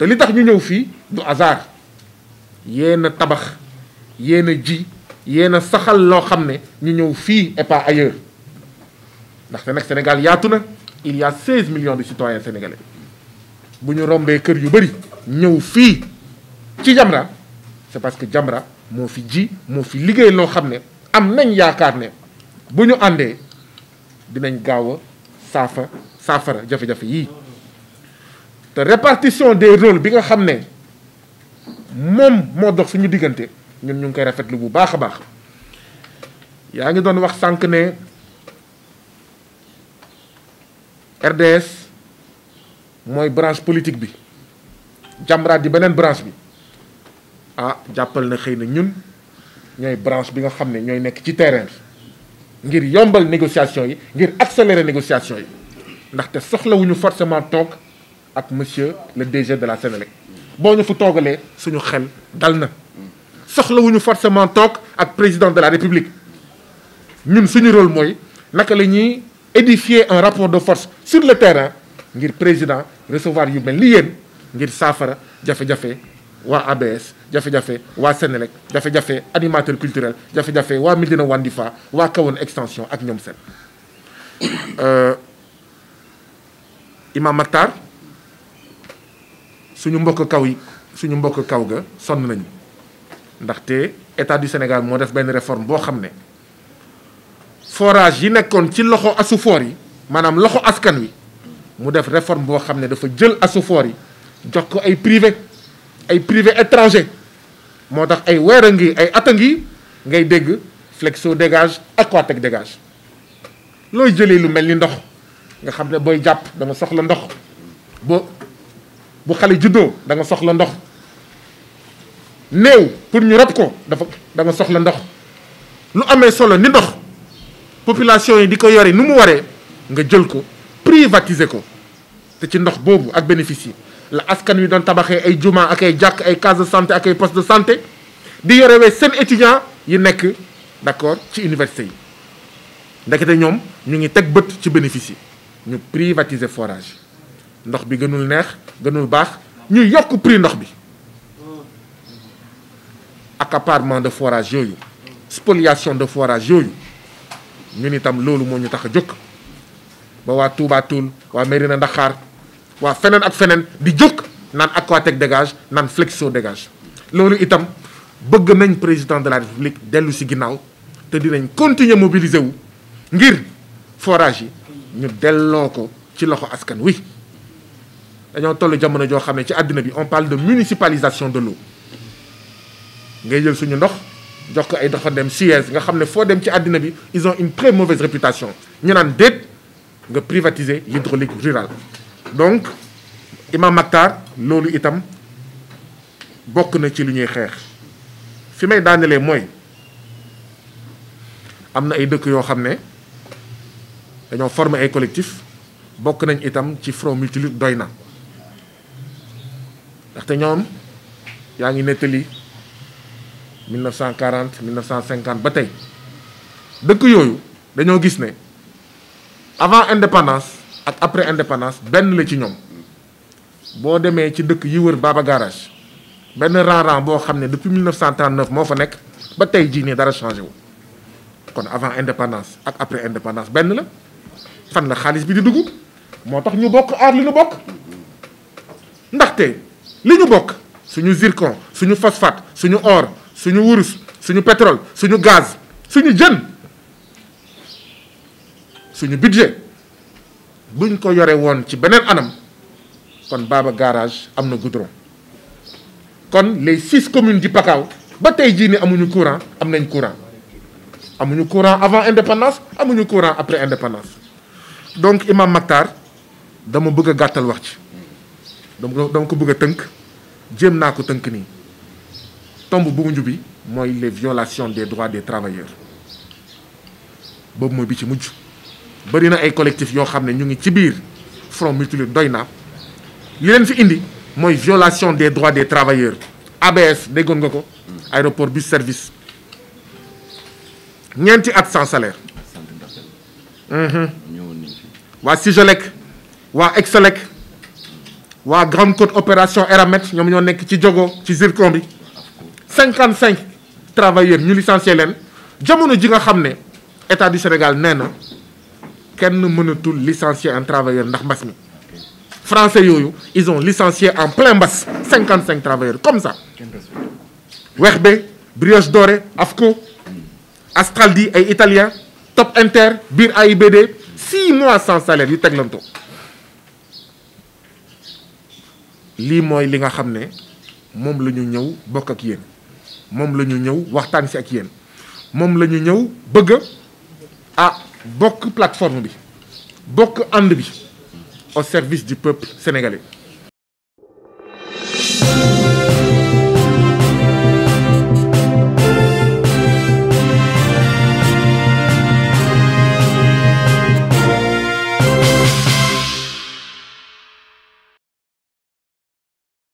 te li tax ñu ñëw fii du hasard yéen a tabax yéen a ji yéen a saxal loo xam ne ñu ñëw fii et pas ailleurs ndaxte nag Sénégal yaatu na il y a 16 millions de citoyens sénégalais bu ñu rombee kër yu bari ñëw fii ci Jamra c'est parce que Jamra moo fi ji moo fi liggéey loo xam ne am nañ yaakaar ne bu ñu àndee dinañ gaaw a saafa saafara jafe-jafe yii te répartition des rôles bi nga xam ne moom moo dox suñu diggante ñun ñu ngi koy rafetlu bu baax a baax yaa ngi doon wax sànq ne RDS mooy branche politique bi Jamra di beneen branche bi ah jàppal na xëy na ñun ñooy branche bi nga xam ne ñooy nekk ci terrain bi ngir yombal négociation yi ngir accélérer négociation yi ndaxte soxlawuñu forcément toog ak monsieur le DG de la Sénélec boo ñu fu toogalee suñu xel dal na soxlawuñu forcément toog ak président de la république ñun suñu rôle mooy naka la ñuy édifier un rapport de force sur le terrain ngir président recevoir yu mel li yéen ngir saafara jafe-jafe waa ABS jafe-jafe waa Sénélec jafe-jafe animateur culturel jafe-jafe waa Médina Wandifa waa Kahone extension ak ñoom seen euh, Imam Makhtar suñu mbokk kaw yi suñu mbokk kaw ga sonn nañu ndaxte état du Sénégal moo def benn réforme boo xam ne forage yi nekkoon ci loxo asufoor yi maanaam loxo askan wi mu def réforme boo xam ne dafa jël asufoor yi jox ko ay privé ay privé étranger moo tax ay weer a ngi ay at a ngi ngay dégg Flexo dégage Aquatec dégage looy jëlee lu mel ni ndox nga xam ne booy jàpp da nga soxla ndox bu xale juddoo da nga soxla ndox néew pour ñu rab ko dafa danga soxla ndox lu amee solo ni ndox population yi di ko yore nu mu waree nga jël ko privatiser ko te ci ndox boobu ak bénéfice yi la askan wi doon tabaxee ay juma ak ay jàkk ay case de santé ak ay poste de santé di yorewee seen étudiant yi nekk d'accord ci université yi ndekete ñoom ñu ngi teg bët ci bénéfice yi ñu privatiser forage ndox bi gënul neex gënul baax ñu yokk prix ndox bi accaparement de forage yooyu spoliation de forage yooyu ñun itam loolu moo ñu tax a jóg ba waa Touba Toul waa Mérina Dakhar waa feneen ak feneen di jóg naan Aquatech dégage naan Flexo dégage loolu itam bëgg nañ président de la république dellu si ginnaaw te dinañ continuer mobiliser wu ngir forage yi ñu delloo ko ci loxo askan wi dañoo toll jamono joo xam ne ci àddina bi on parle de municipalisation de l'eau ngay jël suñu ndox jox ko ay dem Suez nga xam ne foo dem ci àddina bi ils ont une très mauvaise réputation ñu naan déet nga privatiser l'hydraulique rurale donc Imam Mactar loolu itam bokk na ci lu ñuy xeex fi may daanelee mooy am na ay dëkk yoo xam ne dañoo former ay collectif bokk nañ itam ci front multilutte doy na te ñoom yaa ngi nettali 1940 1950 ba tey dëkk yooyu dañoo gis ne avant indépendance ak après indépendance benn la ci ñoom boo demee ci dëkk yi wër Baba Garage benn rang-rang boo xam ne depuis 1939 moo fa nekk ba tey jii nii dara changé wu kon avant indépendance ak après indépendance benn la fan la xaalis bi di dugg moo tax ñu bokk aar li ñu bokk ndaxte. li ñu bokk suñu zircon suñu phosphate suñu or suñu wurus suñu pétrole suñu gaz suñu jën suñu budget buñ ko yore woon ci beneen anam kon Baba garage am na goudron kon les six communes di pakaaw ba tey jii ni amuñu courant am nañ courant amuñu courant avant indépendance amuñu courant après indépendance donc Imam Mactar dama bëgg a gàttal wax ci dama dama ko bëgg a tënk jéem naa ko tënk nii tomb bu mujj bi mooy les violations des droits des travailleurs boobu mooy bi ci mujj bëri na ay collectif yoo xam ne ñu ngi ci biir front multilutte doy na li leen fi indi mooy violation des droits des travailleurs ABS déggoon nga ko aéroport bus service ñeenti at sans salaire mhm. waa Sigelec waa Excelec waa Grande Côte opération Eramet ñoom ñoo nekk ci jogo ci zircon bi 55 travailleurs ñu licencié leen jamono ji nga xam ne état du Sénégal nee na kenn mënatul licencier un travailleur ndax mbas mi français yooyu ison ont licencié en plein mbas 55 travailleurs comme ça. Werbe Brioche Dorée AFCO Astaldi ay italien Top Inter biir AIBD 6 mois sans salaire yu teglantoo. lii mooy li nga xam ne moom la ñu ñëw bokk ak yéen moom la ñu ñëw waxtaan si ak yéen moom la ñu ñëw bëgg ah bokk plateforme bi bokk ànd bi au service du peuple sénégalais.